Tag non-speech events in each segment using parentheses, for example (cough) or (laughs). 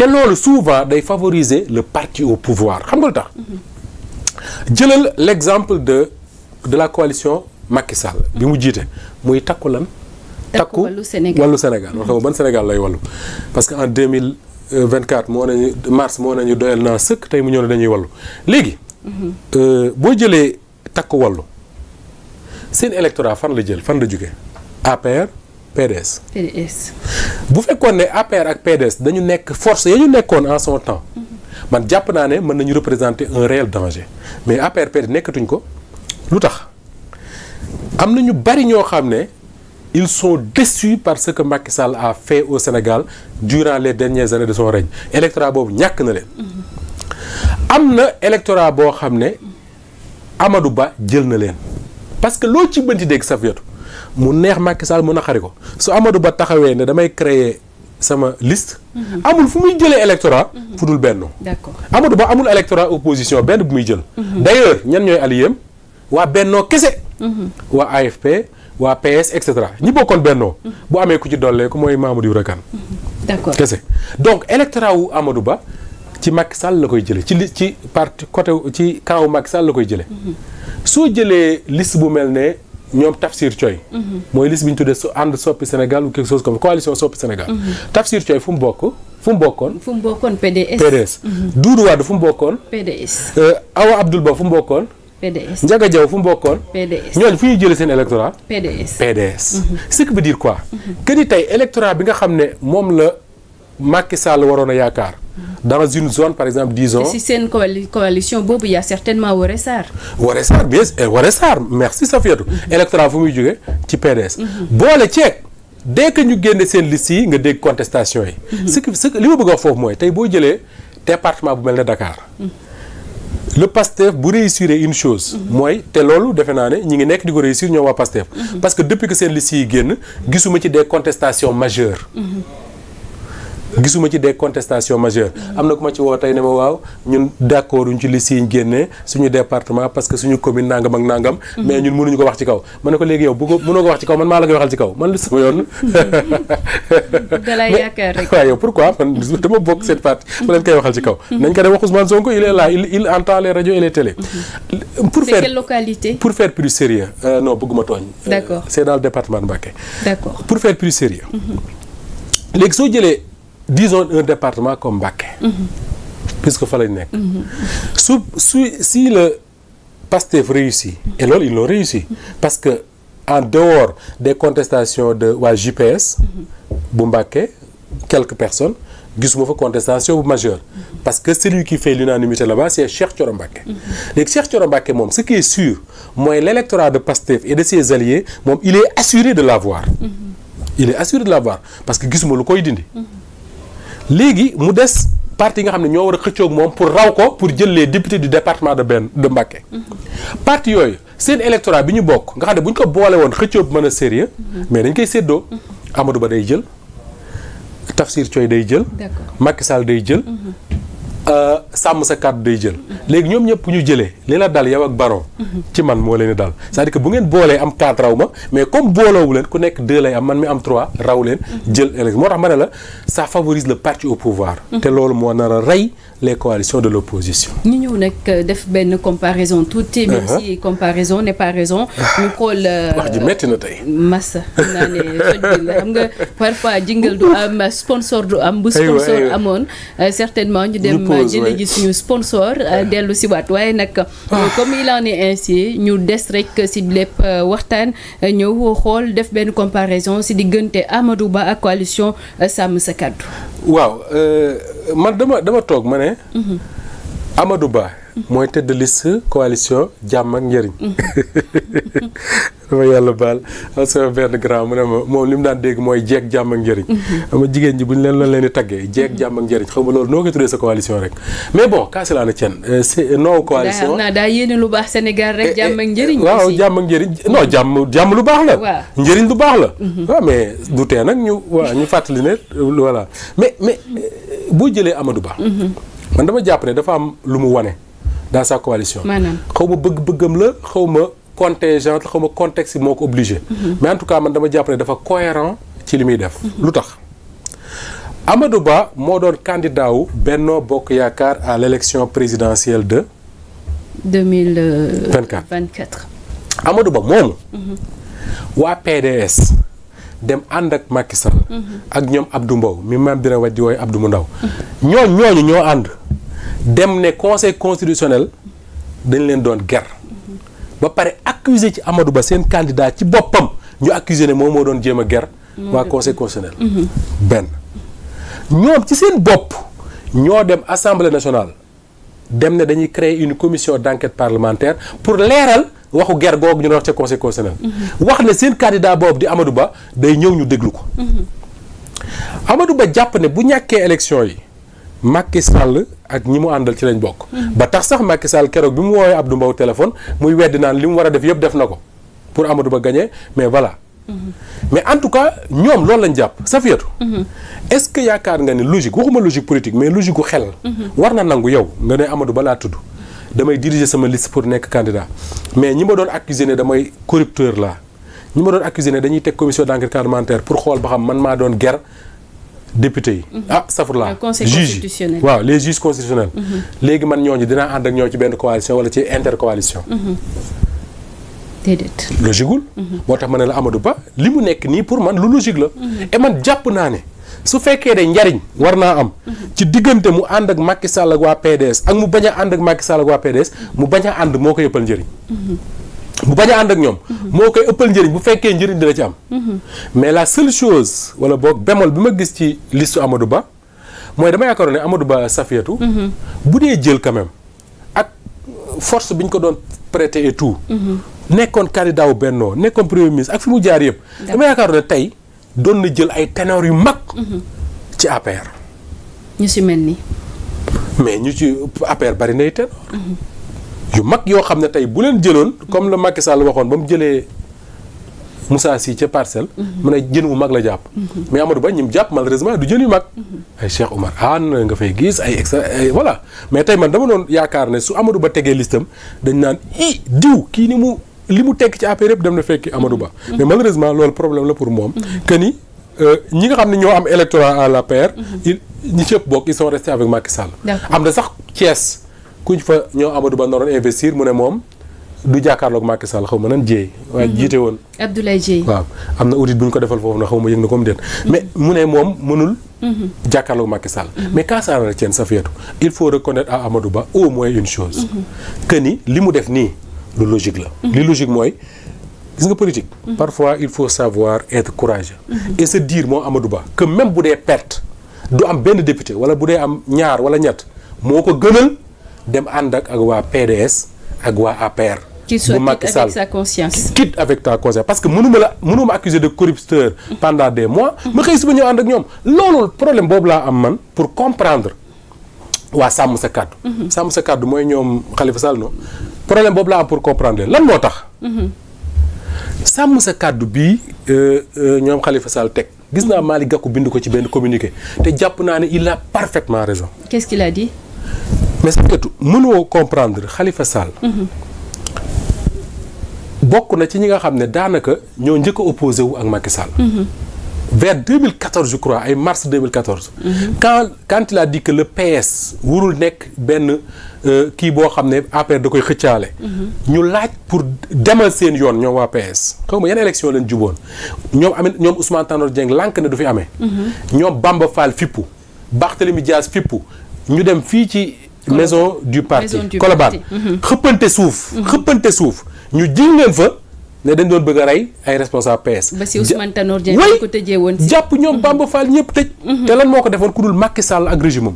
te loolu souvent day favoriser le partie au pouvoir xam nga lu tax jëlal l'exemple de de la coalition Macky Sall bi mu jiite muy takku lan takku wàllu Sénégal wax nga ban Sénégal lay wàllu parce que en 2024 moo nañu mars moo nañu doyal naa sëkk tey mu ñëw ne dañuy wàllu léegi mhm. euh, boo jëlee takk wàllu seen électorat fan la jël fan la jóge APR PDS. PDS. bu fekkoon ne APR ak PDS dañu nekk force ya ñu nekkoon en son temps mm-hmm. man jàpp naa ne mën nañu représenter un réel danger mais APR PDS nekkatuñ ko lu tax am na ñu bari ñoo xam ne ils sont déçus parce que Macky Sall a fait au Sénégal durant les dernières années de son règne électorat boobu ñàkk na leen. Mm-hmm. am na électorat boo xam ne Amadou Ba jël na leen parce que loo ci bënti dégg saf yotu mu neex Macky Sall mu naqari ko su Amadou Ba taxawee ne damay créer sama list mhm. amul fu muy jëlee électorat. Mhm. fu dul benn. d'accord Ba amul électorat opposition benn bu muy jël. Mhm. d'ailleurs ñan ñooy alliéem waa bennoo kese. waa AFP waa PS et cetera ñi bokkoon bennoo. bu amee ku ci dollee ko mooy Mamadou Ibra Kane. d'accord kese donc électorat wu Amadou Ba. ci Macky Sall la koy jële ci li ci parti côté ci kaw Macky Sall la koy jëlee. soo jëlee liste bu mel ne ñoom Tafsir Coy. Mhm. mooy liste bi ñu tuddee ànd soppi Sénégal ou quelque chose comme coalition soppi Sénégal. Mhm. Tafsir Coy fu mu bokk fu mu bokkoon. fu mu bokkoon PDS. PDS mhm. Doudou fu mu bokkoon. PDS. Euh, Awa Abdoul Ba fu mu bokkoon. PDS Ndiaga fu mu bokkoon. PDS ñooñu fu ñuy jëlee seen électorat. PDS PDS. ce qui veut dire quoi. que ni tey électorat bi nga xam ne moom la Macky Sall waroon a yaakaar. dans une zone par exemple disons. si seen coalition boobu y' a certainement Woré Sarr. Woré Sarr bien eh, Woré Sarr merci Safiatou. Mhm. électorat fu muy jógee ci PDS. Mhm. boole ceeb dès que ñu génne seen liste yi nga dégg contestation yi. Mhm. ce que li ma bëgg a foofu mooy tey boo jëlee département bu mel ne Dakar. le PASTEF bu réussir une chose. mooy te loolu defe naa ne ñi ngi nekk di ko réussir ñoom waa PASTEF. parce que depuis que seen liste yi génn gisuma ci des contestations majeures. gisuma ci des contestations majeures am na ku ma ci woo tey ne ma waaw ñun d'accord uñ ci li siiñ génnee suñu département parce que suñu commune nangam ak nangam mais ñun mënuñu ko wax ci kaw ma ne ko léegi yow bu ko mënoo ko wax ci kaw man maa la koy waxal ci kaw man (laughs) bokk cette partie ma leen koy waxal ci kaw nañ ko dem wax Ousmane Sonko il est là il il les radios et les mhm. pour faire quelle localité pour faire plus sérieux euh, non bëgguma tooñ d'accord euh, c'est dans le département de Mbacké d'accord pour faire plus sérieux mhm. léegi soo jëlee disons un département comme Mbacké mm-hmm. puisque fa lañ nekk mm-hmm. su su si le Pastef réussit et loolu ils l'ont réussi mm-hmm. parce que en dehors des contestations de waa GPS bu Mbacké quelques personnes gisuma fa contestation bu majeure parce que celui qui fait l'unanimité là-bas c'est Cheikh Thioro Mbacké léegi Cheikh moom ce qui est sûr mooy l'électorat de Pastef et de ses alliés moom il est assuré de l'avoir il est assuré de l'avoir parce que gisuma lu koy dindi léegi mu des parti yi nga xam ne ñoo war a xëccoog moom pour raw ko pour jëlee les du département de benn de Mbacké mm-hmm. parti yooyu seen électorat bi ñu bokk nga xam ne bu ñu ko boole woon xëccoo bu mën a sérieux mm-hmm. mais dañ koy séddoo mm-hmm. amatu Ba day jël Tafsir Thioye day jël Macky Sall day jël Euh, sàmm sa kàddu day jël léegi ñoom ñëpp ñu jëlee li la dal yow ak baron ci man moo leen dal cest à que bu ngeen boolee am quatre raw ma mais comme booloowu leen ku nekk deux lay am man mi am trois raw leen jël élection moo tax ma ne la ça favorise le parti au pouvoir te loolu moo nar a rey les coalitions de l'opposition ñu ñëw nag euh, def benn comparaison tuuti même uh-huh. si comparaison n'est pas ñu xool euh, wax ji métti na tey massa xam naa ne soj (laughs) bi xam nga chose dina ji suñu sponsor euh, dellu si waat waaye nag euh, ah. comme il en est ñu des rek si lépp euh, waxtaan ñëw xool def benn comparaison ci diggante Amadou Ba ak coalition sàmm sa kàddu waaw man dama dama toog ma ne mhm. Amadou Ba mhm. mooy tëdd de liste coalition jàmm ak njëriñ mhm. (laughs) dama yàlla baal sama benn grand mu ne ma moom li mu daan dégg mooy jeeg jàmm ak njëriñ mm-hmm. ama jigéen ñi bu ñu leen lan leen di taggee jeeg jàmm ak njëriñ xam nga loolu noo koy tuddee sa coalition rek mais bon kaasi laa na ceen c'est non eh, eh, waaw jàmm ak njëriñ non jàmm jàmm lu baax la njëriñ lu baax la waaw mm-hmm. ah, mais du tee nag ñu waaw ñu fàttali ne voilà mais mais euh, boo jëlee Amadou Ba mm-hmm. man dama jàpp ne dafa am lu mu wane dans sa coalition xaw ma bëgg-bëggam la xaw ma contingent xaw ma contexte moo ko obligé. Mhm. mais en tout cas man dama jàppale dafa cohérent ci li muy def. Mhm. lu tax amadu Ba moo doon candidat wu Benno Bokk Yaakaar à l' élection présidentielle de. 2024 2024. Amadou Ba moomu. Mhm. waa PDS. dem ànd ak Macky Sall. ak ñoom Abdou Mbow mi ma dina wàjji wooyu Abdou mu ndaw ñoo ñooñu ñoo ànd dem ne conseil constitutionnel dañ leen doon ger ba pare accuser ci amadu Ba seen candidat ci boppam ñu accuser ne moom moo doon jéem a ger waa conseil constitutionnel mhm. benn ñoom ci seen bopp ñoo dem assemblée nationale dem ne dañuy créer une commission d'enquête parlementaire pour leeral waxu ger googu ñu doon wax ca conseil mhm. wax ne seen candidat boobu di amadu Ba day ñëw ñu déglu ko mhm. Amadou Ba jàpp ne bu ñàkkee élection yi Macky Sall ak ñi mu àndal ci lañ bokk. Mhm. ba tax sax Macky Sall keroog bi mu woowee du mbaw téléphone muy weddi naan li mu war a def yëpp def na ko pour Amadou Ba gagné mais voilà. Mhm. mais en tout cas ñoom loolu lañ jàpp Safiatou mhm. est-ce que yaakaar nga ne logique waxuma logique politique mais logique gu xel. war na nangu yow nga ne amatu balaa laa tudd. damay diriger sama liste pour nekk candidat mais ñi ma doon accuser ne damay corrupteur laa ñi ma doon accuser ne dañuy teg commission xool ba man maa doon guerre. député yi. Mhm. ah safurla juge yi waaw les juges constitutionnels. Mhm. léegi man ñooñu dinaa ànd ak ñoo ci benn coalition wala ci intercoalition. Mhm. déedéet. logique wul. moo tax ma ne la Amadou Ba li mu nekk nii pour man lu logique la. et jàpp naa ne su fekkee de njariñ war naa am. ci diggante mu ànd ak Macky Sall ak waa PDS ak mu bañ a ànd ak Macky Sall ak waa PDS mu bañ a ànd moo ko yëppal njariñ bu bañ a ànd ak ñoom. moo koy ëppal njëriñ bu fekkee njëriñ dina ci am. mais la seule chose wala boog bémol bi ma gis ci liste amadu Ba mooy dama yaakaaroon ne Amadou Ba Safiatou. bu dee jël quand même ak force bi ñu ko doon prêter et nekkoon candidat wu Benno nekkoon premier ministre ak fi mu jaar yëpp. dama yaakaaroon ne tey doon na jël ay ténor yu mag. ci APR. ñu si mel ni. mais ñu ci APR bari nay ténor. yu mag yoo xam ne tey bu leen jëloon comme la Macky Sall waxoon ba mu jëlee Moussa Sy ca parcelle. Mhm. mu ne jën wu mag la jàpp. Mhm. mais Amadou Ba ñi mu jàpp malheureusement du jën yu mag. Mhm. ay Cheikh Oumar Anne nga fay gis ay extra ay voilà mais tey man dama doon yaakaar ne su Amadou Ba tegee listam dañ naan i diw kii ni mu li mu tekk ci affaire yëpp dem na fekki Amadou Ba. mais malheureusement loolu problème la pour moom. que ni euh, ñi nga xam ne ñoo am électorat à la paire. ñi ëpp bokk ils sont restés am na sax Thiès. kuñ fa ñoo Amadou Ba naroon investir mu ne moom du jàkkaarloog Macky Sall xaw ma nan Dieye. waaye mhm. jiite woon Abdoulaye Dieye. waaw am na audit bu ñu ko defal foofu na xaw ma yëg na ko mu déet. Mhm. mais mu ne moom mënul. Mhm. jàkkaarloog Macky Sall. mais qu'à ça ne tienne Safiatou il faut reconnaître à Amadou Ba au moins une chose. que ni li mu def nii lu logique la. li logique mooy gis nga politique. parfois il faut savoir être courageux. et se dire moom Amadou Ba que même bu dee perte du am benn député wala bu dee am ñaar wala ñett moo ko gënal. dem ànd ak ak waa PDS ak waa APR. bu Macky Sall quitte avec sa conscience. quitte avec ta conscience parce que mënuma la mënuma accuser de corrupteur pendant des mois. ma xëy suba ñëw ànd ak ñoom loolu problème boobu laa am man pour comprendre waa sàmm sa kàddu. Mhm. sàmm sa kàddu mooy ñoom xalifa Sall no problème boobu laa am pour comprendre lan moo tax. Mhm. sàmm sa kàddu bii euh, euh, ñoom xalifa Sall teg. gis naa maa Malick Gakou bind ko ci benn communiqué te jàpp naa ne il a parfaitement raison. qu'est-ce qu'il a mais sa gëtu mënoo comprendre Khalifa Sall. Mhm. bokk na ci ñi nga xam ne daanaka ñoo njëkk a opposé wu ak Macky Sall. Mhm. vers 2014 je crois ay mars 2014. Mm -hmm. quand quand il a nekk benn euh, kii boo xam ne APR da koy xëccaale. Mhm. ñu laaj pour demal seen yoon ñoom waa PS. xaw ma yan élection lañ juboon ñoom amit ñoom Ousmane Tanor Dieng lànk ne du fi amee. ñoom Bamba Fall fippu Barthélémy Dias fippu ñu dem fii ci maison du parti Colobane mhm. xëppante suuf mhm. xëppante suuf ñu jiñ leen fa ne dañ doon bëgg rey ay responsable PS ba si Ousmane Tanor Dieng ko tëjee woon si jàpp ñoom mhm. Bamba Fall ñëpp tëj te lan moo ko defoon ku dul Macky Sall ak régime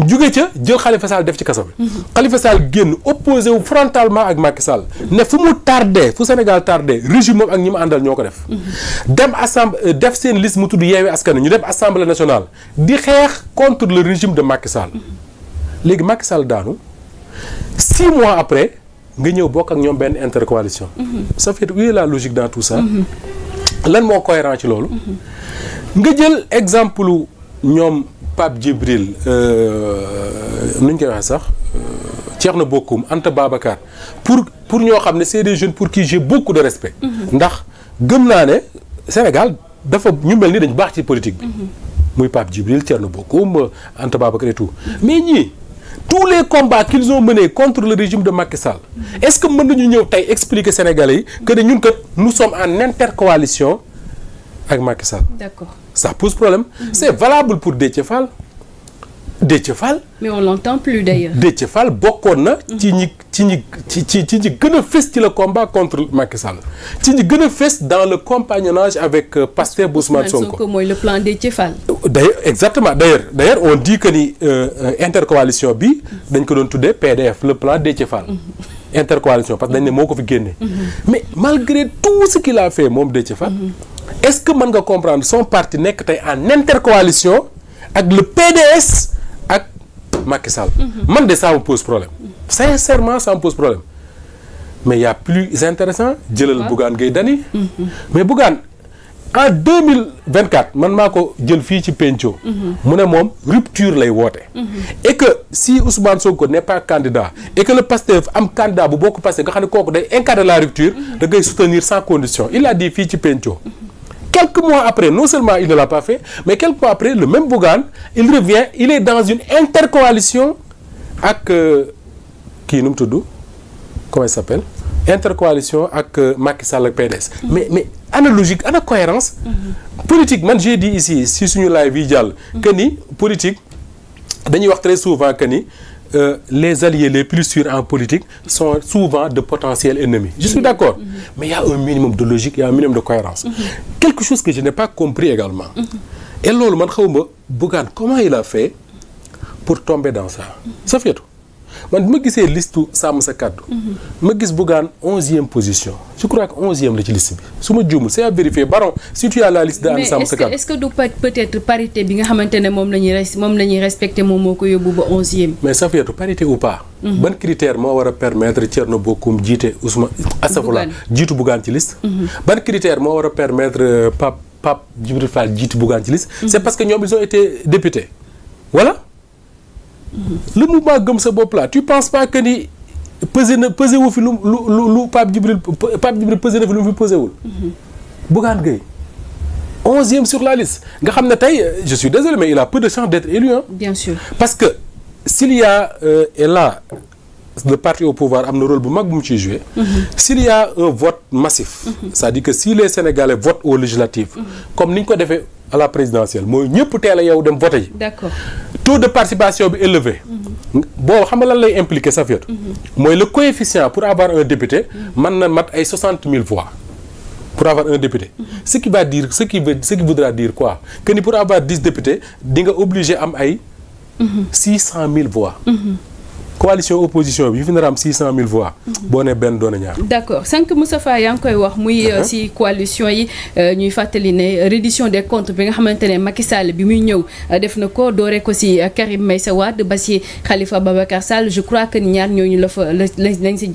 am ca jël Khalifa Sall def ci kaso bi xalifa Sall génn opposé wu frontalement ak Macky Sall ne fu mu tardé fu Sénégal tardé régime ak ñi mu àndal ñoo ko def dem assemblée euh, def seen liste mu tudd Yewwi Askan Wi ñu dem assemblée nationale di xeex contre le régime de Macky léegi Macky Sall daanu six mois après nga ñëw bokk ak ñoom benn intercoalition. Mhm. ça fait où est la logique dans tout ça. Mhm. lan moo cohérent ci loolu. Mhm. nga jël exemple ñoom Pape Djibril euh, nu ñu koy waxee sax euh, na bokkum Anta Babacar pour pour ñoo xam ne c'est des jeune pour qui j'ai bokku de respect. ndax gëm naa ne Sénégal dafa ñu mel ni dañu baax ci politique bi. muy Pape Djibril Thierno Bocoum Anta Babacar et tout mais ñii. tous les combats qu'ils ont menés contre le régime de Macky Sall est-ce que mën nañu ñëw tey expliquer Sénégalais yi que ne ñun kat nous sommes en intercoalition ak Macky Sall. d'accord ça pose problème. c'est valable pour Déthié Fall. Déthié Fall. mais on l'entend plus d'ailleurs. Déthié Fall bokkoon na. Mhm. ci ñi ci ñi ci ñi gën a ci le combat contre Macky Sall ci ñi gën a dans le compagnonnage avec euh, Pastef bu Ousmane Sonko. mooy le plan Déthié Fall. d'ailleurs exactement d'ailleurs d'ailleurs on dit que ni euh, intercoalition bi dañ ko doon tuddee PDF le plan Déthié Fall. Mhm. intercoalition parce que dañ ne moo ko fi génne. Mhm. mais malgré tout ce qu'il a fait moom Déthié Fall. est-ce nga comprendre son parti nekk tey en intercoalition ak le PDS. Macky Sall. man de ça me pose problème. sincèrement ça me pose problème mais y' a plus intéressant jëlal Bougane Gueye Dany. mais Bougane en deux mille vingt quatre man maa ko jël fii ci penco. mu ne moom rupture lay woote. et que si Ousmane Sonko n'est pas candidat et que le Pastef am candidat bu bokk Pastef nga xam ne kooku day incarner la rupture. da ngay soutenir sans condition il a dit fii ci penco. Quelques mois après, non seulement il ne l'a pas fait, mais quelques mois après, le même Bougane, il revient, il est dans une intercoalition ak euh, kii nu mu tudd comment il s'appelle intercoalition ak euh, Macky Sall ak PDS. Mhm. mais mais ana logique ana cohérence mhm. politique man j'ai dit ici si suñu live yi jàll. Mhm. que ni politique dañuy wax très souvent que ni. euh, les alliés les plus sûrs en politique sont souvent de potentiels ennemis je suis d'accord mm -hmm. mais il a un minimum de logique il a un minimum de cohérence mm -hmm. quelque chose que je n'ai pas compris également et loolu man xawma Bougane comment il a fait pour tomber dans ça Safietou man bi ma gisee listu sàmm sa kàddu. ma gis Bougane onzième position je crois que onzième la ci liste bi su ma juumul c'est à vérifier Baron si tu as la sàmm sa kàddu mais être parité bi nga xamante ne moom la ñuy moom moo ko yóbbu ba onzième. mais Safiatou parité ou pas. Mhm. ban critère moo war a permettre Thierno Bocoum jiite Ousmane. Asafula jiitu Bougane ci liste. Mhm. ban critère moo war a permettre euh, Pape Pape Djibril Fall jiitu Bougane ci liste. Mhm. le mouvement gëm sa bop la tu penses pas que ni pesé na pesé wu fi lu lu lu lu Pape Djibril Pape Djibril pesé na fi lu mu fi pesé wul. Bougane Gueye onzième sur la liste nga xam ne tey je suis désolé mais il la peu de chance d'être élu hein. bien sûr parce que s'il y a euh, et là le parti au pouvoir am na rôle bu mag bu mu ciy joué. s'il y a vote massif. cest dire que si les Sénégalais votent aux législatives. comme ni ñu ko defee à la présidentielle mooy ñëpp teel yow dem voter yi. taux de participation bi élevé. boo xam lan lay impliqué sa fiat mm-hmm. mooy le coefficient pour avoir un député. mën na mat ay soixante mille voix. pour avoir un député. Mm-hmm. ce qui va dire ce qui veut ce qui voudra dire quoi que ni pour avoir dix députés di nga obligé am ay. Mm-hmm. six cent mille voix. coalition opposition bi yu fi nar a mhm. boo nee benn doone ñaar. d' accord sànq Moustapha yaa ngi koy wax. muy uh-huh. euh, si coalition yi euh, ñuy fàttali ne reddition des comptes bi nga xamante ne Macky Sall bi muy ñëw euh, def na ko doore ko si Karim Meïssa Wade ba si Khalifa Babacar Sall je crois que ñaar ñooñu la fa la lañ si